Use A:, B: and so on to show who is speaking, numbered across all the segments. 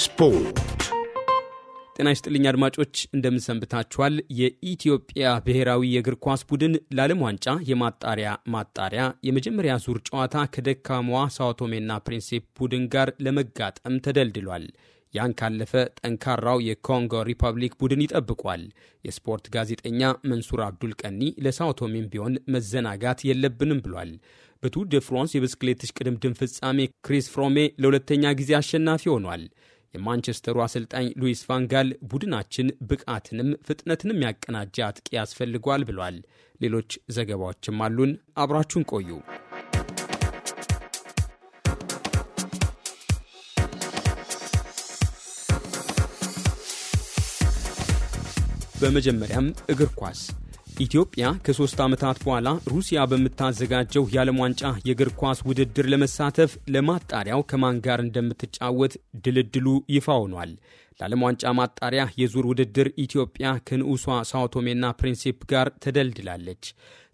A: ስፖርት ጤና ይስጥልኝ አድማጮች፣ እንደምንሰንብታችኋል። የኢትዮጵያ ብሔራዊ የእግር ኳስ ቡድን ለዓለም ዋንጫ የማጣሪያ ማጣሪያ የመጀመሪያ ዙር ጨዋታ ከደካማዋ ሳውቶሜና ፕሪንሴፕ ቡድን ጋር ለመጋጠም ተደልድሏል። ያን ካለፈ ጠንካራው የኮንጎ ሪፐብሊክ ቡድን ይጠብቋል። የስፖርት ጋዜጠኛ መንሱር አብዱል ቀኒ ለሳውቶሜም ቢሆን መዘናጋት የለብንም ብሏል። በቱር ደ ፍራንስ የብስክሌት እሽቅድምድም ፍጻሜ ክሪስ ፍሮሜ ለሁለተኛ ጊዜ አሸናፊ ሆኗል። የማንቸስተሩ አሰልጣኝ ሉዊስ ቫንጋል ቡድናችን ብቃትንም ፍጥነትንም ያቀናጀ አጥቂ ያስፈልጓል ብሏል። ሌሎች ዘገባዎችም አሉን። አብራችሁን ቆዩ። በመጀመሪያም እግር ኳስ ኢትዮጵያ ከሶስት ዓመታት በኋላ ሩሲያ በምታዘጋጀው የዓለም ዋንጫ የእግር ኳስ ውድድር ለመሳተፍ ለማጣሪያው ከማን ጋር እንደምትጫወት ድልድሉ ይፋ ሆኗል። ለዓለም ዋንጫ ማጣሪያ የዙር ውድድር ኢትዮጵያ ከንዑሷ ሳውቶሜና ፕሪንሲፕ ጋር ተደልድላለች።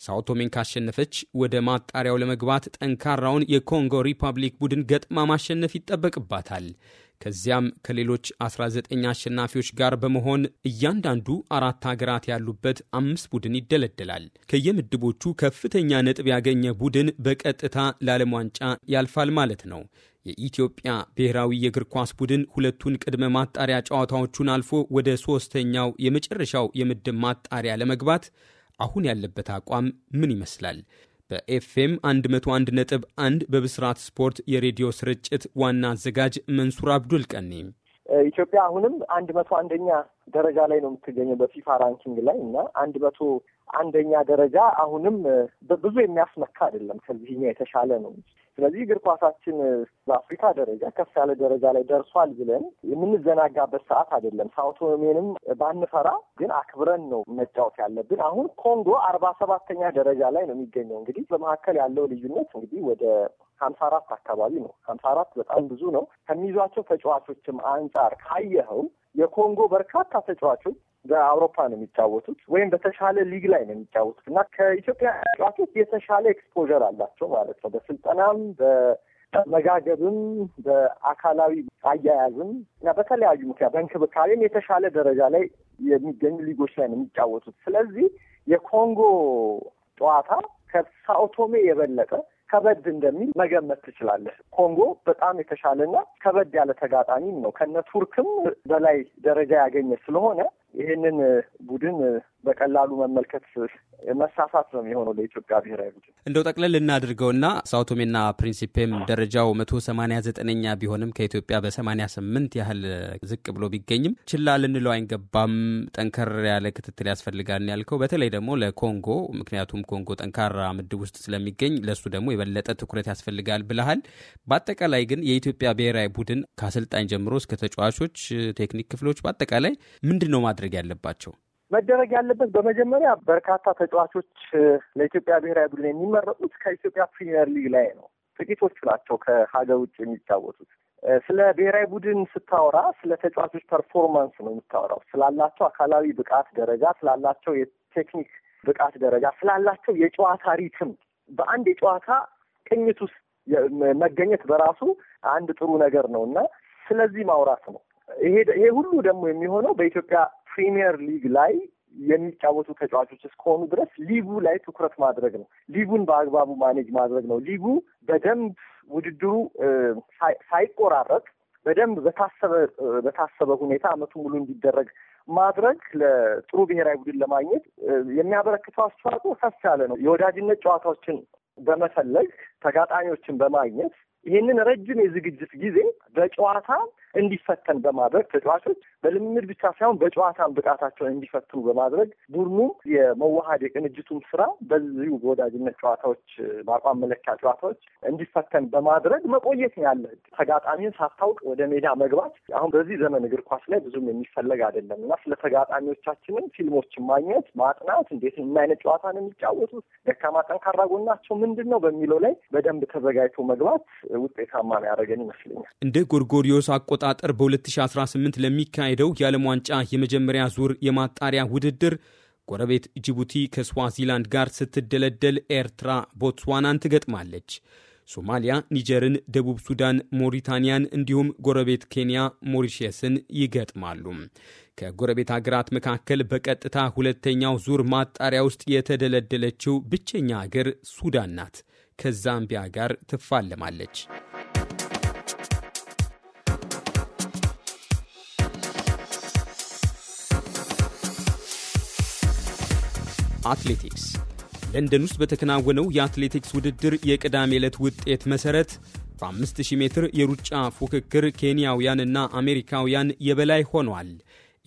A: ሳውቶሜን ካሸነፈች ወደ ማጣሪያው ለመግባት ጠንካራውን የኮንጎ ሪፐብሊክ ቡድን ገጥማ ማሸነፍ ይጠበቅባታል። ከዚያም ከሌሎች 19 አሸናፊዎች ጋር በመሆን እያንዳንዱ አራት ሀገራት ያሉበት አምስት ቡድን ይደለደላል። ከየምድቦቹ ከፍተኛ ነጥብ ያገኘ ቡድን በቀጥታ ለዓለም ዋንጫ ያልፋል ማለት ነው። የኢትዮጵያ ብሔራዊ የእግር ኳስ ቡድን ሁለቱን ቅድመ ማጣሪያ ጨዋታዎቹን አልፎ ወደ ሦስተኛው የመጨረሻው የምድብ ማጣሪያ ለመግባት አሁን ያለበት አቋም ምን ይመስላል? በኤፍኤም 101.1 በብስራት ስፖርት የሬዲዮ ስርጭት ዋና አዘጋጅ መንሱር አብዱል
B: ኢትዮጵያ አሁንም አንድ መቶ አንደኛ ደረጃ ላይ ነው የምትገኘው በፊፋ ራንኪንግ ላይ እና አንድ መቶ አንደኛ ደረጃ አሁንም ብዙ የሚያስመካ አይደለም፣ ከዚህኛ የተሻለ ነው። ስለዚህ እግር ኳሳችን በአፍሪካ ደረጃ ከፍ ያለ ደረጃ ላይ ደርሷል ብለን የምንዘናጋበት ሰዓት አይደለም። ሳውቶሜንም ባንፈራ ግን አክብረን ነው መጫወት ያለብን። አሁን ኮንጎ አርባ ሰባተኛ ደረጃ ላይ ነው የሚገኘው። እንግዲህ በመካከል ያለው ልዩነት እንግዲህ ወደ ሀምሳ አራት አካባቢ ነው። ሀምሳ አራት በጣም ብዙ ነው። ከሚይዟቸው ተጫዋቾችም አንጻር ካየኸው የኮንጎ በርካታ ተጫዋቾች በአውሮፓ ነው የሚጫወቱት ወይም በተሻለ ሊግ ላይ ነው የሚጫወቱት እና ከኢትዮጵያ ተጫዋቾች የተሻለ ኤክስፖዠር አላቸው ማለት ነው በስልጠናም በመጋገብም በአካላዊ አያያዝም እና በተለያዩ ምክንያት በእንክብካቤም የተሻለ ደረጃ ላይ የሚገኙ ሊጎች ላይ ነው የሚጫወቱት። ስለዚህ የኮንጎ ጨዋታ ከሳኦቶሜ የበለጠ ከበድ እንደሚል መገመት ትችላለህ። ኮንጎ በጣም የተሻለና ከበድ ያለ ተጋጣሚም ነው ከነ ቱርክም በላይ ደረጃ ያገኘ ስለሆነ ይህንን ቡድን በቀላሉ መመልከት መሳሳት ነው የሚሆነው ለኢትዮጵያ
A: ብሔራዊ ቡድን። እንደው ጠቅለል ልናድርገውና ሳውቶሜና ፕሪንሲፔም ደረጃው መቶ ሰማኒያ ዘጠነኛ ቢሆንም ከኢትዮጵያ በሰማኒያ ስምንት ያህል ዝቅ ብሎ ቢገኝም ችላ ልንለው አይገባም። ጠንከር ያለ ክትትል ያስፈልጋል ያልከው በተለይ ደግሞ ለኮንጎ ምክንያቱም ኮንጎ ጠንካራ ምድብ ውስጥ ስለሚገኝ ለእሱ ደግሞ የበለጠ ትኩረት ያስፈልጋል ብለሃል። በአጠቃላይ ግን የኢትዮጵያ ብሔራዊ ቡድን ከአሰልጣኝ ጀምሮ እስከ ተጫዋቾች፣ ቴክኒክ ክፍሎች በአጠቃላይ ምንድን ነው ማድረግ ያለባቸው?
B: መደረግ ያለበት በመጀመሪያ በርካታ ተጫዋቾች ለኢትዮጵያ ብሔራዊ ቡድን የሚመረጡት ከኢትዮጵያ ፕሪሚየር ሊግ ላይ ነው። ጥቂቶቹ ናቸው ከሀገር ውጭ የሚጫወቱት። ስለ ብሔራዊ ቡድን ስታወራ ስለ ተጫዋቾች ፐርፎርማንስ ነው የምታወራው። ስላላቸው አካላዊ ብቃት ደረጃ፣ ስላላቸው የቴክኒክ ብቃት ደረጃ፣ ስላላቸው የጨዋታ ሪትም በአንድ የጨዋታ ቅኝት ውስጥ መገኘት በራሱ አንድ ጥሩ ነገር ነው እና ስለዚህ ማውራት ነው። ይሄ ሁሉ ደግሞ የሚሆነው በኢትዮጵያ ፕሪሚየር ሊግ ላይ የሚጫወቱ ተጫዋቾች እስከሆኑ ድረስ ሊጉ ላይ ትኩረት ማድረግ ነው። ሊጉን በአግባቡ ማኔጅ ማድረግ ነው። ሊጉ በደንብ ውድድሩ ሳይቆራረጥ በደንብ በታሰበ በታሰበ ሁኔታ አመቱ ሙሉ እንዲደረግ ማድረግ ለጥሩ ብሔራዊ ቡድን ለማግኘት የሚያበረክተው አስተዋጽኦ ከፍ ያለ ነው። የወዳጅነት ጨዋታዎችን በመፈለግ ተጋጣሚዎችን በማግኘት ይህንን ረጅም የዝግጅት ጊዜ በጨዋታ እንዲፈተን በማድረግ ተጫዋቾች በልምምድ ብቻ ሳይሆን በጨዋታን ብቃታቸውን እንዲፈትኑ በማድረግ ቡድኑ የመዋሃድ የቅንጅቱም ስራ በዚሁ በወዳጅነት ጨዋታዎች፣ በአቋም መለኪያ ጨዋታዎች እንዲፈተን በማድረግ መቆየት ያለ። ተጋጣሚን ሳታውቅ ወደ ሜዳ መግባት አሁን በዚህ ዘመን እግር ኳስ ላይ ብዙም የሚፈለግ አይደለም እና ስለ ተጋጣሚዎቻችንም ፊልሞችን ማግኘት ማጥናት፣ እንዴት ምን አይነት ጨዋታ ነው የሚጫወቱት፣ ደካማ ጠንካራ ጎናቸው ምንድን ነው በሚለው ላይ በደንብ ተዘጋጅቶ መግባት ውጤታማ ነው ያደረገን ይመስለኛል።
A: እንደ ጎርጎሪዮስ አቆጣጠር በ2018 ለሚካሄደው የዓለም ዋንጫ የመጀመሪያ ዙር የማጣሪያ ውድድር ጎረቤት ጅቡቲ ከስዋዚላንድ ጋር ስትደለደል፣ ኤርትራ ቦትስዋናን ትገጥማለች። ሶማሊያ ኒጀርን፣ ደቡብ ሱዳን ሞሪታንያን እንዲሁም ጎረቤት ኬንያ ሞሪሽስን ይገጥማሉ። ከጎረቤት ሀገራት መካከል በቀጥታ ሁለተኛው ዙር ማጣሪያ ውስጥ የተደለደለችው ብቸኛ ሀገር ሱዳን ናት። ከዛምቢያ ጋር ትፋለማለች። አትሌቲክስ ለንደን ውስጥ በተከናወነው የአትሌቲክስ ውድድር የቅዳሜ ዕለት ውጤት መሠረት በ5000 ሜትር የሩጫ ፉክክር ኬንያውያንና አሜሪካውያን የበላይ ሆኗል።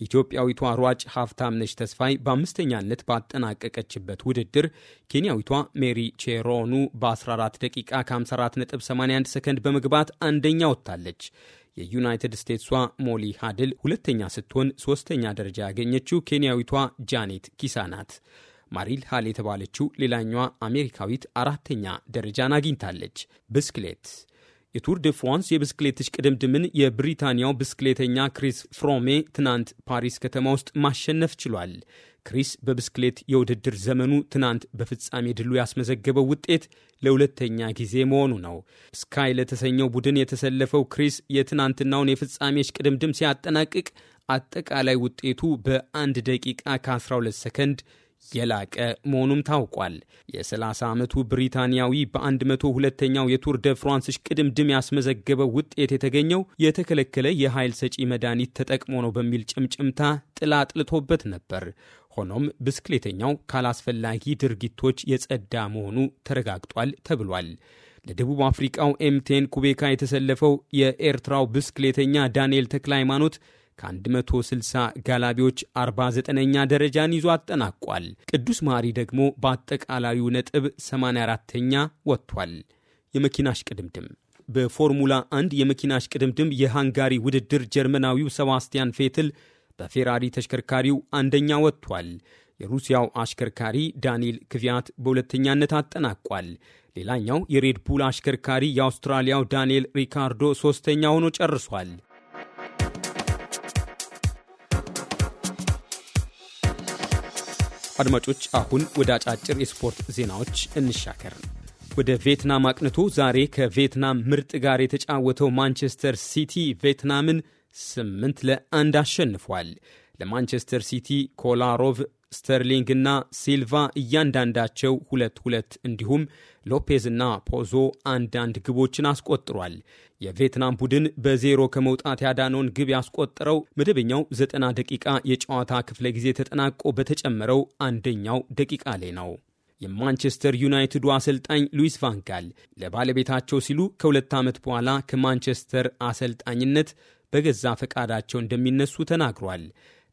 A: ኢትዮጵያዊቷ ሯጭ ሀብታምነሽ ተስፋይ በአምስተኛነት ባጠናቀቀችበት ውድድር ኬንያዊቷ ሜሪ ቼሮኑ በ14 ደቂቃ ከ54.81 ሰከንድ በመግባት አንደኛ ወጥታለች። የዩናይትድ ስቴትሷ ሞሊ ሃድል ሁለተኛ ስትሆን ሦስተኛ ደረጃ ያገኘችው ኬንያዊቷ ጃኔት ኪሳ ናት። ማሪል ሃል የተባለችው ሌላኛዋ አሜሪካዊት አራተኛ ደረጃን አግኝታለች። ብስክሌት የቱር ደ ፍራንስ የብስክሌቶች ቅድምድምን የብሪታንያው ብስክሌተኛ ክሪስ ፍሮሜ ትናንት ፓሪስ ከተማ ውስጥ ማሸነፍ ችሏል። ክሪስ በብስክሌት የውድድር ዘመኑ ትናንት በፍጻሜ ድሉ ያስመዘገበው ውጤት ለሁለተኛ ጊዜ መሆኑ ነው። ስካይ ለተሰኘው ቡድን የተሰለፈው ክሪስ የትናንትናውን የፍጻሜዎች ቅድምድም ሲያጠናቅቅ አጠቃላይ ውጤቱ በአንድ ደቂቃ ከ12 ሰከንድ የላቀ መሆኑም ታውቋል። የ30 ዓመቱ ብሪታንያዊ በ102ኛው የቱር ደ ፍራንስ እሽቅድምድም ያስመዘገበው ውጤት የተገኘው የተከለከለ የኃይል ሰጪ መድኃኒት ተጠቅሞ ነው በሚል ጭምጭምታ ጥላ ጥልቶበት ነበር። ሆኖም ብስክሌተኛው ካላስፈላጊ ድርጊቶች የጸዳ መሆኑ ተረጋግጧል ተብሏል። ለደቡብ አፍሪቃው ኤምቴን ኩቤካ የተሰለፈው የኤርትራው ብስክሌተኛ ዳንኤል ተክለ ሃይማኖት ከ160 ጋላቢዎች 49ኛ ደረጃን ይዞ አጠናቋል። ቅዱስ ማሪ ደግሞ በአጠቃላዩ ነጥብ 84ተኛ ወጥቷል። የመኪና እሽቅድምድም በፎርሙላ 1 የመኪና እሽቅድምድም የሃንጋሪ ውድድር ጀርመናዊው ሰባስቲያን ፌትል በፌራሪ ተሽከርካሪው አንደኛ ወጥቷል። የሩሲያው አሽከርካሪ ዳንኤል ክቪያት በሁለተኛነት አጠናቋል። ሌላኛው የሬድቡል አሽከርካሪ የአውስትራሊያው ዳንኤል ሪካርዶ ሦስተኛ ሆኖ ጨርሷል። አድማጮች፣ አሁን ወደ አጫጭር የስፖርት ዜናዎች እንሻገር። ወደ ቪየትናም አቅንቶ ዛሬ ከቪየትናም ምርጥ ጋር የተጫወተው ማንቸስተር ሲቲ ቪየትናምን ስምንት ለአንድ አሸንፏል። ለማንቸስተር ሲቲ ኮላሮቭ ስተርሊንግና ሲልቫ እያንዳንዳቸው ሁለት ሁለት እንዲሁም ሎፔዝና ፖዞ አንዳንድ ግቦችን አስቆጥሯል። የቪየትናም ቡድን በዜሮ ከመውጣት ያዳነውን ግብ ያስቆጠረው መደበኛው ዘጠና ደቂቃ የጨዋታ ክፍለ ጊዜ ተጠናቆ በተጨመረው አንደኛው ደቂቃ ላይ ነው። የማንቸስተር ዩናይትዱ አሰልጣኝ ሉዊስ ቫንጋል ለባለቤታቸው ሲሉ ከሁለት ዓመት በኋላ ከማንቸስተር አሰልጣኝነት በገዛ ፈቃዳቸው እንደሚነሱ ተናግሯል።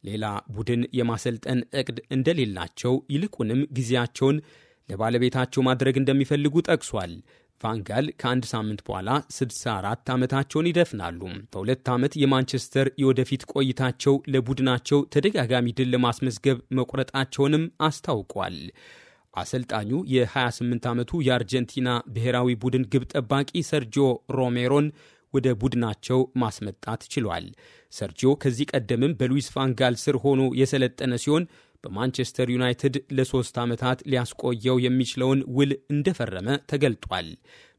A: ሌላ ቡድን የማሰልጠን እቅድ እንደሌላቸው ይልቁንም ጊዜያቸውን ለባለቤታቸው ማድረግ እንደሚፈልጉ ጠቅሷል። ቫንጋል ከአንድ ሳምንት በኋላ 64 ዓመታቸውን ይደፍናሉ። በሁለት ዓመት የማንቸስተር የወደፊት ቆይታቸው ለቡድናቸው ተደጋጋሚ ድል ለማስመዝገብ መቁረጣቸውንም አስታውቋል። አሰልጣኙ የ28 ዓመቱ የአርጀንቲና ብሔራዊ ቡድን ግብ ጠባቂ ሰርጂዮ ሮሜሮን ወደ ቡድናቸው ማስመጣት ችሏል። ሰርጂዮ ከዚህ ቀደምም በሉዊስ ፋንጋል ስር ሆኖ የሰለጠነ ሲሆን በማንቸስተር ዩናይትድ ለሶስት ዓመታት ሊያስቆየው የሚችለውን ውል እንደፈረመ ተገልጧል።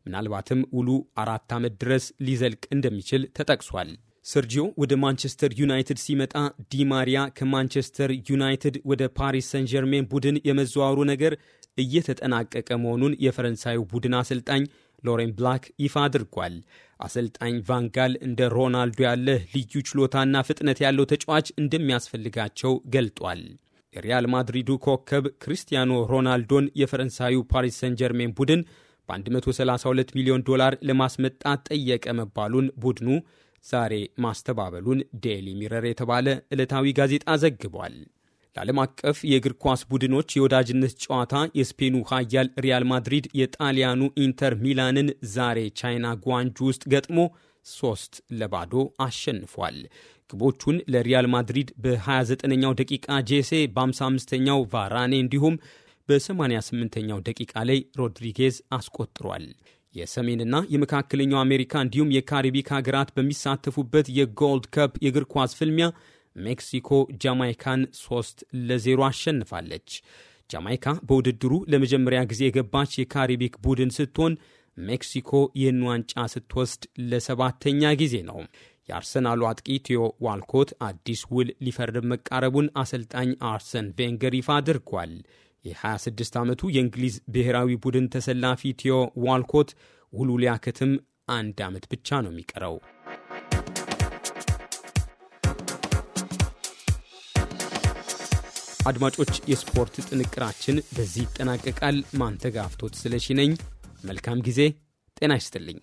A: ምናልባትም ውሉ አራት ዓመት ድረስ ሊዘልቅ እንደሚችል ተጠቅሷል። ሰርጂዮ ወደ ማንቸስተር ዩናይትድ ሲመጣ ዲማሪያ ከማንቸስተር ዩናይትድ ወደ ፓሪስ ሰን ጀርሜን ቡድን የመዘዋወሩ ነገር እየተጠናቀቀ መሆኑን የፈረንሳዩ ቡድን አሰልጣኝ ሎሬን ብላክ ይፋ አድርጓል። አሰልጣኝ ቫንጋል እንደ ሮናልዶ ያለ ልዩ ችሎታና ፍጥነት ያለው ተጫዋች እንደሚያስፈልጋቸው ገልጧል። የሪያል ማድሪዱ ኮከብ ክሪስቲያኖ ሮናልዶን የፈረንሳዩ ፓሪስ ሰን ጀርሜን ቡድን በ132 ሚሊዮን ዶላር ለማስመጣት ጠየቀ መባሉን ቡድኑ ዛሬ ማስተባበሉን ዴይሊ ሚረር የተባለ ዕለታዊ ጋዜጣ ዘግቧል። ለዓለም አቀፍ የእግር ኳስ ቡድኖች የወዳጅነት ጨዋታ የስፔኑ ኃያል ሪያል ማድሪድ የጣሊያኑ ኢንተር ሚላንን ዛሬ ቻይና ጓንጁ ውስጥ ገጥሞ ሶስት ለባዶ አሸንፏል። ግቦቹን ለሪያል ማድሪድ በ29ኛው ደቂቃ ጄሴ፣ በ55ኛው ቫራኔ እንዲሁም በ88ኛው ደቂቃ ላይ ሮድሪጌዝ አስቆጥሯል። የሰሜንና የመካከለኛው አሜሪካ እንዲሁም የካሪቢክ ሀገራት በሚሳተፉበት የጎልድ ከፕ የእግር ኳስ ፍልሚያ ሜክሲኮ ጃማይካን 3 ለዜሮ አሸንፋለች። ጃማይካ በውድድሩ ለመጀመሪያ ጊዜ የገባች የካሪቢክ ቡድን ስትሆን ሜክሲኮ ይህን ዋንጫ ስትወስድ ለሰባተኛ ጊዜ ነው። የአርሰናሉ አጥቂ ቲዮ ዋልኮት አዲስ ውል ሊፈርም መቃረቡን አሰልጣኝ አርሰን ቬንገር ይፋ አድርጓል። የ26 ዓመቱ የእንግሊዝ ብሔራዊ ቡድን ተሰላፊ ቴዮ ዋልኮት ውሉ ሊያከትም አንድ ዓመት ብቻ ነው የሚቀረው። አድማጮች፣ የስፖርት ጥንቅራችን በዚህ ይጠናቀቃል። ማንተጋፍቶት ስለሺ ነኝ። መልካም ጊዜ። ጤና ይስጥልኝ።